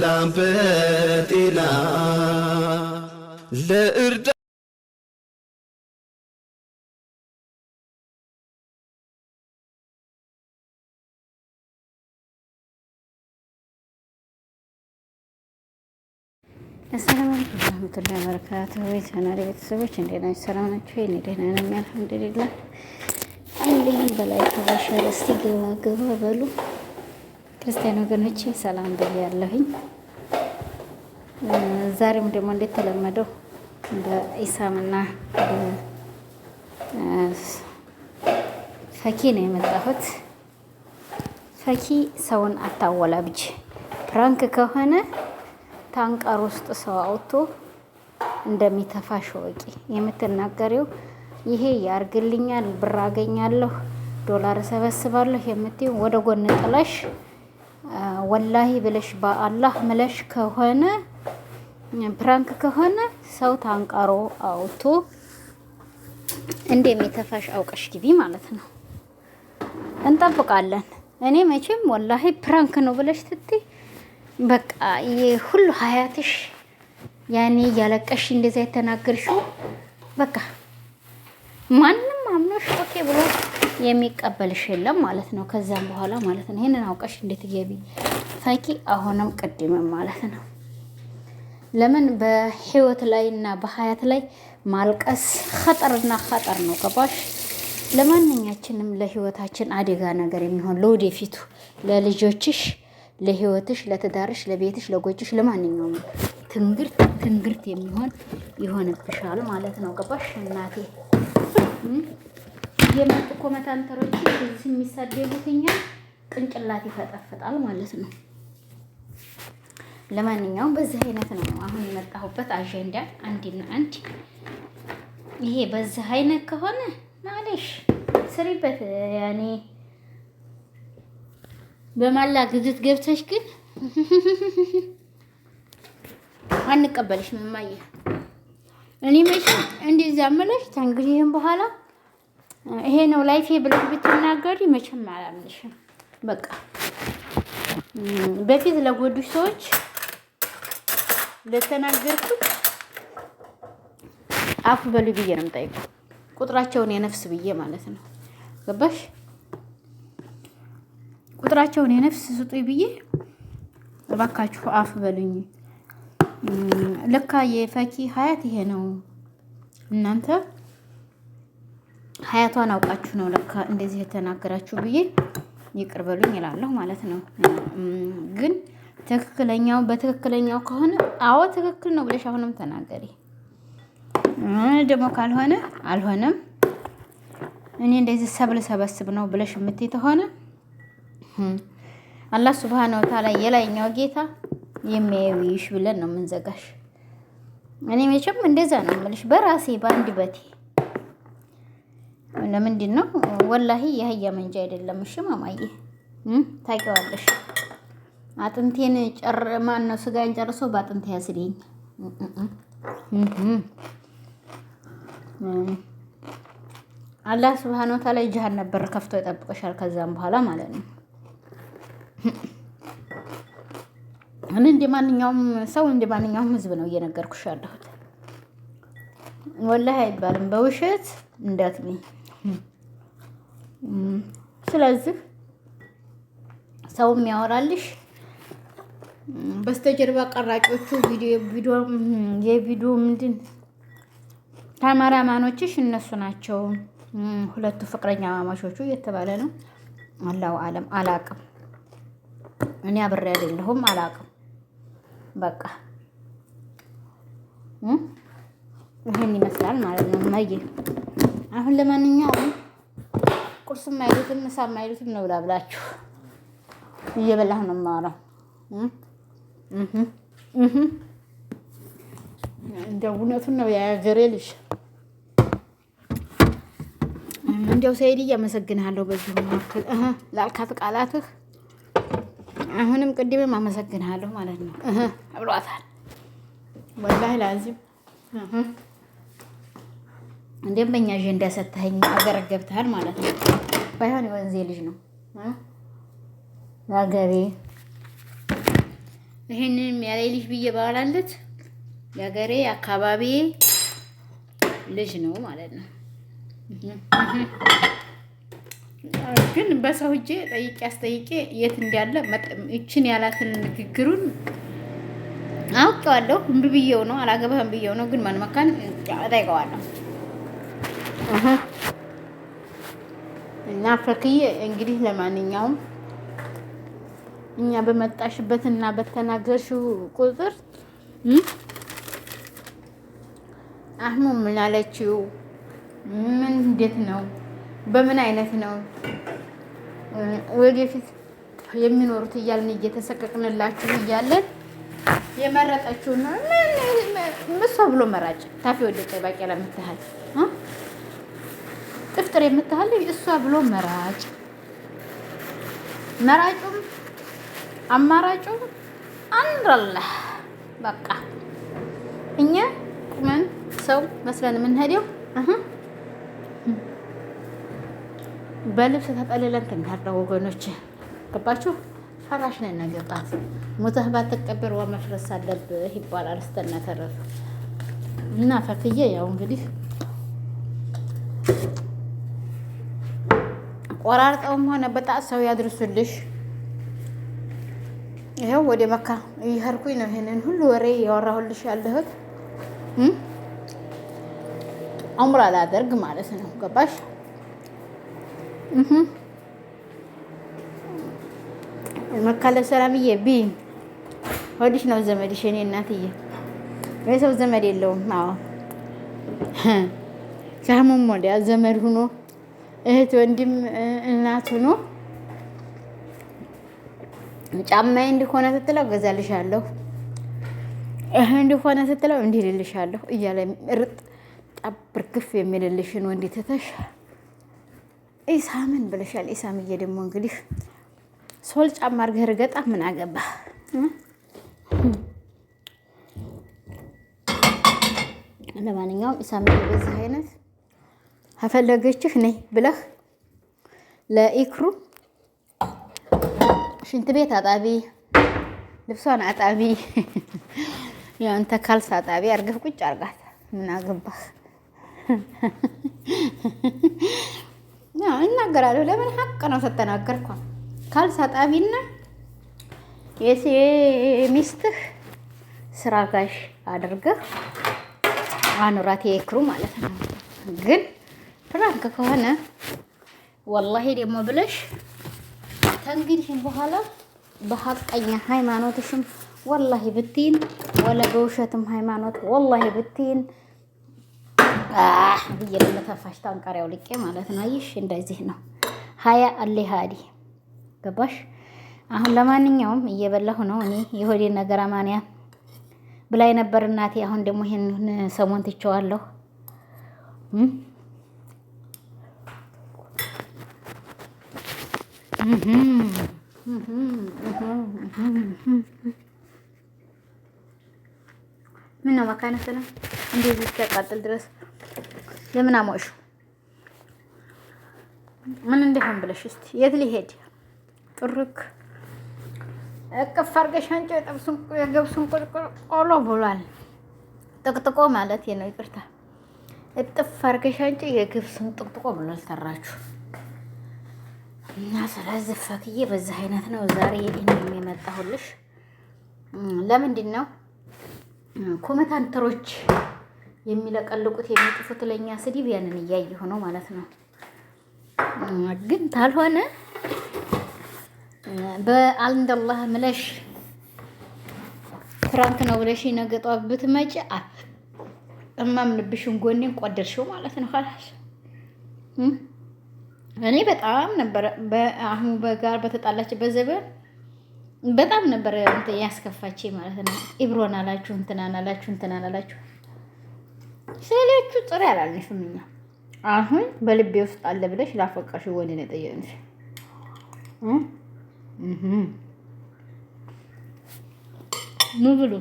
በሰላም በጤና ለእርዳ አሰላሙ አለይኩም ወራህመቱላሂ ወበረካቱሁ። የቻናሌ ቤተሰቦች እንዴት ናችሁ? ሰላም ናችሁ? እኔ ደህና ነኝ አልሐምዱሊላህ። አለኝ በላይ ተባሻ እስቲ ገባ ገባ በሉ ክርስቲያን ወገኖች ሰላም ብያለሁኝ። ዛሬም ደግሞ እንደተለመደው በኢሳምና ፈኪ ነው የመጣሁት። ፈኪ ሰውን አታወላብጅ። ፕራንክ ከሆነ ታንቀር ውስጥ ሰው አውጥቶ እንደሚተፋሽ ወቂ። የምትናገሪው ይሄ ያርግልኛል፣ ብር አገኛለሁ፣ ዶላር ሰበስባለሁ የምትይው ወደ ጎን ጥለሽ ወላሂ ብለሽ በአላህ ምለሽ ከሆነ ፕራንክ ከሆነ ሰው ታንቃሮ አውቶ እንደሚተፋሽ አውቀሽ ግቢ ማለት ነው። እንጠብቃለን። እኔ መቼም ወላሂ ፕራንክ ነው ብለሽ ትትይ በቃ ሁሉ ሀያትሽ ያኔ እያለቀሽ እንደዛ የተናገርሽው በቃ ማንም አምኖሽ ኦኬ ብሎ የሚቀበልሽ የለም ማለት ነው። ከዛም በኋላ ማለት ነው ይህንን አውቀሽ እንዴት ገቢ ፈኪ አሁንም ቅድምም ማለት ነው ለምን በህይወት ላይ እና በሀያት ላይ ማልቀስ ኸጠርና ኸጠር ነው። ገባሽ? ለማንኛችንም ለህይወታችን አደጋ ነገር የሚሆን ለወደፊቱ፣ ለልጆችሽ፣ ለህይወትሽ፣ ለትዳርሽ፣ ለቤትሽ፣ ለጎጆሽ፣ ለማንኛውም ትንግርት ትንግርት የሚሆን ይሆንብሻል ማለት ነው። ገባሽ እናቴ? የመጡ መታንተሮች እዚህ የሚሳደቡትኛ ቅንጭላት ይፈጠፍጣል ማለት ነው። ለማንኛውም በዚህ አይነት ነው አሁን የመጣሁበት አጀንዳ አንድና አንድ ይሄ በዚህ አይነት ከሆነ ማለሽ ስሪበት ያኔ በማላ ግዝት ገብተሽ ግን አንቀበልሽ መማየ እኔ መቼ እንደዛ ምለሽ ተንግዲህም በኋላ ይሄ ነው ላይፌ ብለሽ ብትናገሪ መቼም አላምንሽም። በቃ በፊት ለጎዱሽ ሰዎች ለተናገርኩ አፉ በሉ ብዬ ነው የምጠይቀው፣ ቁጥራቸውን የነፍስ ብዬ ማለት ነው። ገባሽ? ቁጥራቸውን የነፍስ ስጡኝ ብዬ እባካችሁ አፍ በሉኝ። ለካ የፈኪ ሀያት ይሄ ነው እናንተ ሀያቷን አውቃችሁ ነው ለካ እንደዚህ የተናገራችሁ ብዬ ይቅር በሉኝ ይላለሁ ማለት ነው። ግን ትክክለኛው በትክክለኛው ከሆነ አዎ ትክክል ነው ብለሽ አሁንም ተናገሪ። ደግሞ ካልሆነ አልሆነም እኔ እንደዚህ ሰብል ሰበስብ ነው ብለሽ የምትይ ተሆነ አላህ ሱብሃነ ወተዓላ የላይኛው ጌታ የሚያዩሽ ብለን ነው የምንዘጋሽ። እኔ መቼም እንደዛ ነው የምልሽ በራሴ በአንድ በቴ ለምንድን ነው ወላሂ የአህያ መንጃ አይደለም። እሺ ማማዬ ታውቂዋለሽ። አጥንቴን ጨር ማን ነው ስጋን ጨርሶ በአጥንቴ ያስደኝ አላህ ስብሐነሁ ወተዓላ ጀሃነም ነበር ከፍቶ ይጠብቀሻል። ከዛም በኋላ ማለት ነው እኔ እንደ ማንኛውም ሰው እንደ ማንኛውም ህዝብ ነው እየነገርኩሽ ያለሁት። ወላሂ አይባልም በውሸት እንዳትሚ። ስለዚህ ሰው የሚያወራልሽ በስተጀርባ ቀራጮቹ ቪዲዮ የቪዲዮ ምንድን ተመራማኖችሽ እነሱ ናቸው፣ ሁለቱ ፍቅረኛ ማማሾቹ እየተባለ ነው። አላው ዓለም አላቅም። እኔ አብሬ አይደለሁም አላቅም። በቃ ይህን ይመስላል ማለት ነው መዬ አሁን ለማንኛውም ቁርስም አይሉትም ምሳም አይሉትም ነው ብላ ብላችሁ እየበላሁ ነው የማወራው። እንደው እውነቱን ነው የአገሬ ልጅ። እንደው ሰይድ እያመሰግንሃለሁ በዚሁ መካከል ላልካት ቃላትህ አሁንም ቅድምም አመሰግንሃለሁ ማለት ነው ብሏታል። ወላሂ ላዚም እንዴም በእኛ አጀንዳ ሰተኸኝ አገር ገብተሃል ማለት ነው። ባይሆን የወንዜ ልጅ ነው ያገሬ ይህንንም ያለ ልጅ ብዬ ባላለት ያገሬ አካባቢ ልጅ ነው ማለት ነው። ግን በሰው እጄ ጠይቄ አስጠይቄ የት እንዳለ ይችን ያላትን ንግግሩን አውቄዋለሁ። እምቢ ብዬው ነው አላገባህም ብዬው ነው ግን ማንመካን ጠይቀዋለሁ እና ፈክዬ እንግዲህ ለማንኛውም እኛ በመጣሽበት እና በተናገርሽው ቁጥር አህሙ ምን አለችው? ምን እንዴት ነው? በምን አይነት ነው ወደፊት የሚኖሩት እያልን እየተሰቀቅንላችሁ እያለን የመረጠችውን ምን ብሎ መራጭ ታፊ ወደ ቀይ ባቄላ ፍቅር የምታህልኝ እሷ ብሎ መራጭ መራጩም አማራጩም አንድ በቃ እኛ ቁመን ሰው መስለን የምንሄደው በልብስ ተጠልለን ትንጋርደው ወገኖች ገባችሁ? ፈራሽ ነን ነገባት ሞተህ ባትቀበር ወመፍረስ መፍረስ አለብህ ይባላል። ስተና ተረፍ እና ፈክዬ ያው እንግዲህ ቆራርጠውም ሆነ በጣ ሰው ያድርሱልሽ። ይኸው ወደ መካ እየሄድኩኝ ነው። ይሄንን ሁሉ ወሬ ያወራሁልሽ ያለሁት ዑምራ ላደርግ ማለት ነው። ገባሽ? መካ ለሰላምዬ ቢ ወዲሽ ነው ዘመድሽ። እኔ እናትዬ የሰው ዘመድ የለውም። አዎ ሳሙም ወዲያ ዘመድ ሁኖ እህት ወንድም እናት ሆኖ ጫማዬ እንዲሆነ ስትለው እገዛልሻለሁ፣ እንዲሆነ ስትለው እንዲህ ልልሻለሁ እያለ ርጥ የሚልልሽ የሚልልሽን ወንድ ትተሽ ኢሳምን ብለሻል። ኢሳምዬ ደግሞ እንግዲህ ሶል ጫማ አድርገህ እርገጣ ምን አገባ ለማንኛውም ኢሳምዬ በዚህ አይነት ከፈለገችህ ነይ ብለህ ለኢክሩ ሽንት ቤት አጣቢ፣ ልብሷን አጣቢ፣ ያንተ ካልስ አጣቢ አርገህ ቁጭ አርጋት። ምን አገባህ? እናገራለሁ። ለምን ሀቅ ነው ስትናገርኳ። ካልስ አጣቢና የሚስትህ ስራ ጋሽ አድርገህ አኑራት፣ የኢክሩ ማለት ነው ግን ያልክ ከሆነ ወላሂ ደግሞ ብለሽ ተንግዲህም በኋላ በሀቀኛ ሃይማኖትሽም ወላሂ ብትይን ወለ በውሸትም ሃይማኖት ወላሂ ብትይን አህ ብዬ ለመተፋሽ ታንቃሪያው ልቄ ማለት ነው። አይሽ እንደዚህ ነው። ሀያ አሊሃዲ ገባሽ? አሁን ለማንኛውም እየበላሁ ነው እኔ የሆዴ ነገር አማንያ ብላይ ነበር እናቴ። አሁን ደግሞ ይሄን ሰሞን ትቼዋለሁ። ምን ነው መካነ ሰላም እንደዚህ እስኪያቃጥል ድረስ ለምን አሞቅሹ? ምን እንደሆን ብለሽ እስቲ የት ሊሄድ ጥርክ እቅፍ አድርገሽ አንቺ የጥብሱን የገብሱን ቆሎ ብሏል። ጥቅጥቆ ማለት ነው። ይቅርታ እጥፍ አድርገሽ አንቺ የገብሱን ጥቅጥቆ ብሏል። ሰራችሁ እና ስለዚህ ፈክዬ በዚህ አይነት ነው ዛሬ እኔም የመጣሁልሽ። ለምንድን ነው ኮመታንተሮች የሚለቀልቁት የሚጥፉት ለእኛ ስድብ ያንን እያየሁ ነው ማለት ነው። ግን ታልሆነ በአልንደላህ ምለሽ ፍራንክ ነው ብለሽ ነገ ጠዋት ብትመጪ እማምንብሽን ጎኔን ቆደርሽው ማለት ነው። ካላል እኔ በጣም ነበረ በአህሙ በጋር በተጣላችበት ዘበን በጣም ነበረ ያስከፋች ማለት ነው። ኢብሮን አላችሁ እንትናን አላችሁ እንትናን አላችሁ ስለሌቹ ጥሪ አላልንሽም። እኛ አሁን በልቤ ውስጥ አለ ብለሽ ላፈቃሽ ወንድ ነው የጠየቅንሽ። ኑ ብሉ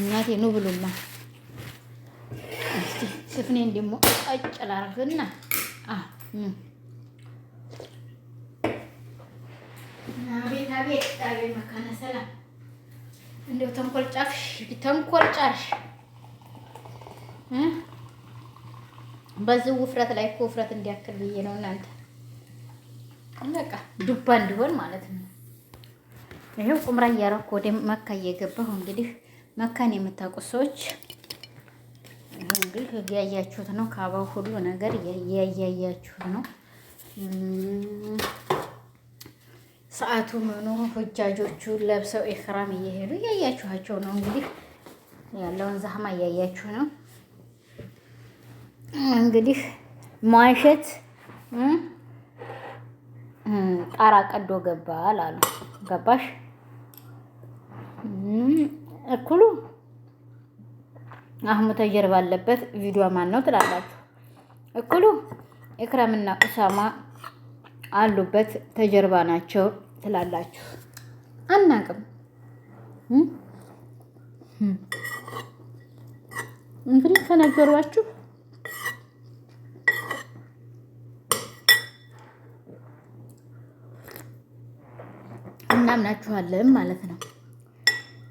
እናቴ ኑ ብሉና ስፍኔን ደግሞ ቀጭ ላርግና አቤት አቤት አቤት መካነ ሰላም እንደው ተንኮል ጫፍሽ ተንኮል ጫርሽ በዚህ ውፍረት ላይ እኮ ውፍረት እንዲያክል ብዬ ነው እናንተ በቃ ዱባ እንዲሆን ማለት ነው። ይሄው ቁምራ እያረኩ ወደ መካ እየገባሁ እንግዲህ መካን ሰዎች እንግዲህ እያያችሁት ነው። ካባው ሁሉ ነገር እያያያችሁት ነው። ሰዓቱ ምኑ ሁጃጆቹ ለብሰው ኤክራም እየሄዱ እያያችኋቸው ነው። እንግዲህ ያለውን ዛህማ እያያችሁ ነው። እንግዲህ ማሸት ጣራ ቀዶ ገባል አሉ ገባሽ እኩሉ አህሙ ተጀር ባለበት ቪዲዮ ማን ነው ትላላችሁ? እኩሉ ኢክራምና ኡሳማ አሉበት ተጀርባ ናቸው ትላላችሁ? አናቅም። እንግዲህ ከነገሯችሁ እናምናችኋለን ማለት ነው።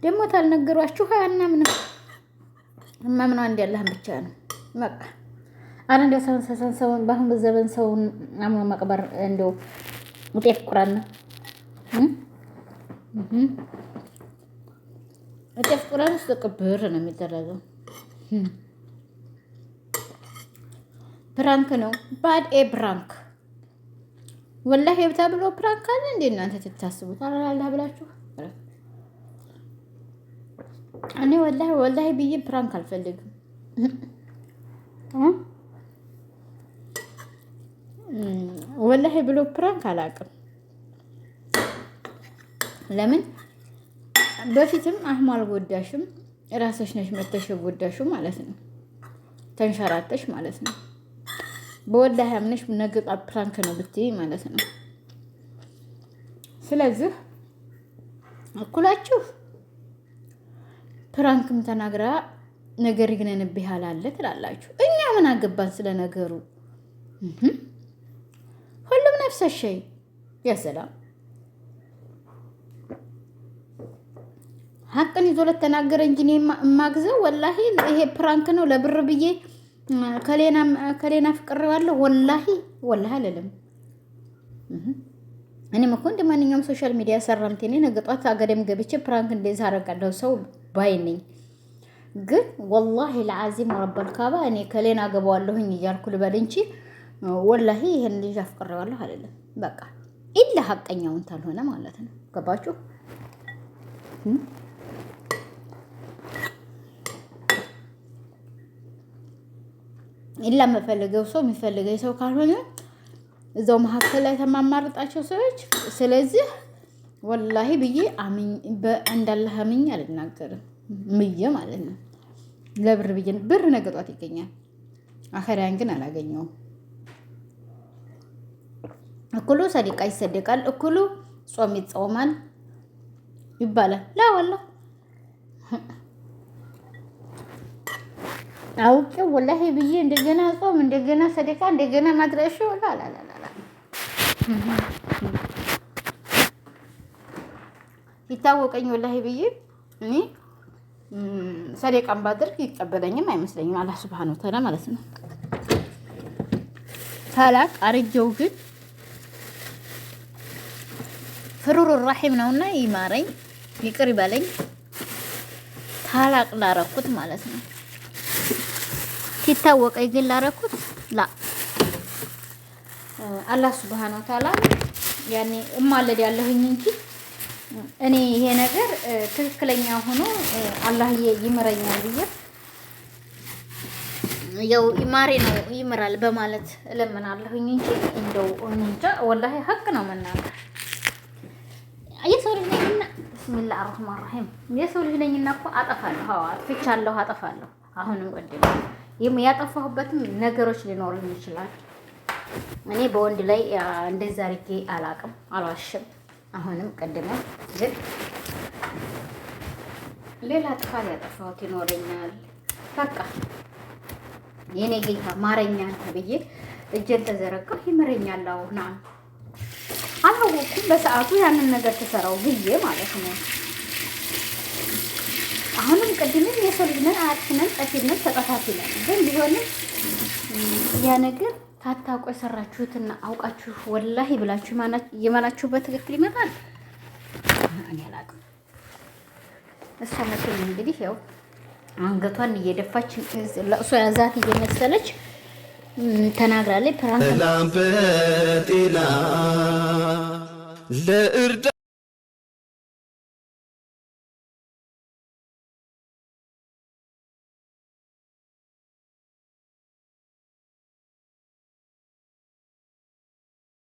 ደግሞ ታልነገሯችሁ አናምንም። እማምነው አንድ ያለህን ብቻ ነው። በቃ አረ እንዲያው ሰውን ሰሰን ሰውን በአሁን በዘበን ሰውን አምኖ መቅበር እንዲያው ውጤት ቁራን ነው። ውጤት ቁራን ውስጥ ቅብር ነው የሚደረገው። ፕራንክ ነው ባድ ኤ ብራንክ ወላሂ ተብሎ ብሎ ፕራንክ አለ እንዴ እናንተ ትታስቡት አላላ ብላችሁ እኔ ወላሂ ወላሂ ብዬ ፕራንክ አልፈልግም። ወላሂ ብሎ ፕራንክ አላውቅም። ለምን በፊትም አህሙ አልጎዳሽም፣ ራስሽ ነሽ መተሽ የጎዳሹ ማለት ነው። ተንሸራተሽ ማለት ነው። በወላሂ አምነሽ ነገ ፕራንክ ነው ብትይ ማለት ነው። ስለዚህ እኩላችሁ ፕራንክም ተናግራ ነገር ይግነንብሃል አለ ትላላችሁ። እኛ ምን አገባን ስለ ነገሩ? ሁሉም ነፍሰ ሸይ ያሰላም ሀቅን ይዞ ለተናገረ እንጂ እኔ የማግዘው ወላሂ ይሄ ፕራንክ ነው ለብር ብዬ ከሌና ፍቅሬዋለሁ ወላሂ ወላሂ አልልም። እኔም እኮ እንደ ማንኛውም ሶሻል ሚዲያ ሰራምቴ ነኝ። ነገ ጧት ገብቼ ፕራንክ እንደዛ አደርጋለሁ ሰው ባይ ነኝ። ግን ወላሂ ለዓዚም ረበል ካባ እኔ ከሌን አገባዋለሁኝ እያልኩ ልበል እንጂ ወላሂ ይህን ልጅ አፍቅሬዋለሁ አይደለም። በቃ ኢላ ሀቀኛውን ታልሆነ ማለት ነው። ገባችሁ? ኢላ የምፈልገው ሰው የሚፈልገኝ ሰው ካልሆነ እዛው መካከል ላይ ተማማርጣቸው ሰዎች ስለዚህ ወላሂ ብዬ እንዳላህ አምኜ አልናገርም ምዬ ማለት ነው። ለብር ብዬ ብር ነገ ጧት ይገኛል። አኸሪያን ግን አላገኘውም። እኩሉ ሰዲቃ ይሰደቃል፣ እኩሉ ጾም ይጾማል ይባላል። ላ ወላሂ አውቄው ወላሂ ብዬ እንደገና ጾም እንደገና ሰደቃ እንደገና ማድረሹ ላላላላ ይታወቀኝ ወላሂ ብዬ እኔ ሰደቃን ባደርግ ይቀበለኝም አይመስለኝም አላህ ሱብሃነሁ ወተዓላ ማለት ነው። ታላቅ አርጀው ግን ፍሩሩ ራሒም ነውና ይማረኝ ይቅር ይበለኝ። ታላቅ ላረኩት ማለት ነው። ሲታወቀኝ ግን ላረኩት ላ አላህ ሱብሃነሁ ወተዓላ ያኔ እማለድ ያለሁኝ እንጂ እኔ ይሄ ነገር ትክክለኛ ሆኖ አላህዬ ይምረኛል ብዬ ያው ማሬ ነው ይምራል በማለት እለምናለሁኝ እንጂ እንደው እንጃ ወላሂ ሀቅ ነው መናገር። የሰው ልጅ ነኝና ብስሚላ አርህማን ራሒም የሰው ልጅ ነኝና እኮ አጠፋለሁ። አዎ አጥፍቻለሁ፣ አጠፋለሁ። አሁንም ቅድም ይሄ ያጠፋሁበትም ነገሮች ሊኖሩኝ ይችላል። እኔ በወንድ ላይ እንደዛ አድርጌ አላቅም፣ አልዋሽም አሁንም ቅድመ ግን ሌላ ጥፋት ያጠፋሁት ይኖረኛል። በቃ የኔ ጌታ ማረኛ ተብዬ እጄን ተዘረጋ ይምረኛል። አሁና አላወኩም በሰዓቱ ያንን ነገር ተሰራው ብዬ ማለት ነው። አሁንም ቅድምም የሰው ልጅ ነን አያችንን ጠፊ ነን ነን ግን ቢሆንም ያ ነገር ታታውቆ የሰራችሁትና አውቃችሁ ወላሂ ብላችሁ የማላችሁበት ትክክል ይመጣል። እኔ አላውቅም። እሷ መቼም እንግዲህ ያው አንገቷን እየደፋች ለእሱ ያዛት እየመሰለች ተናግራለች። ፕራንክ ለእርዳ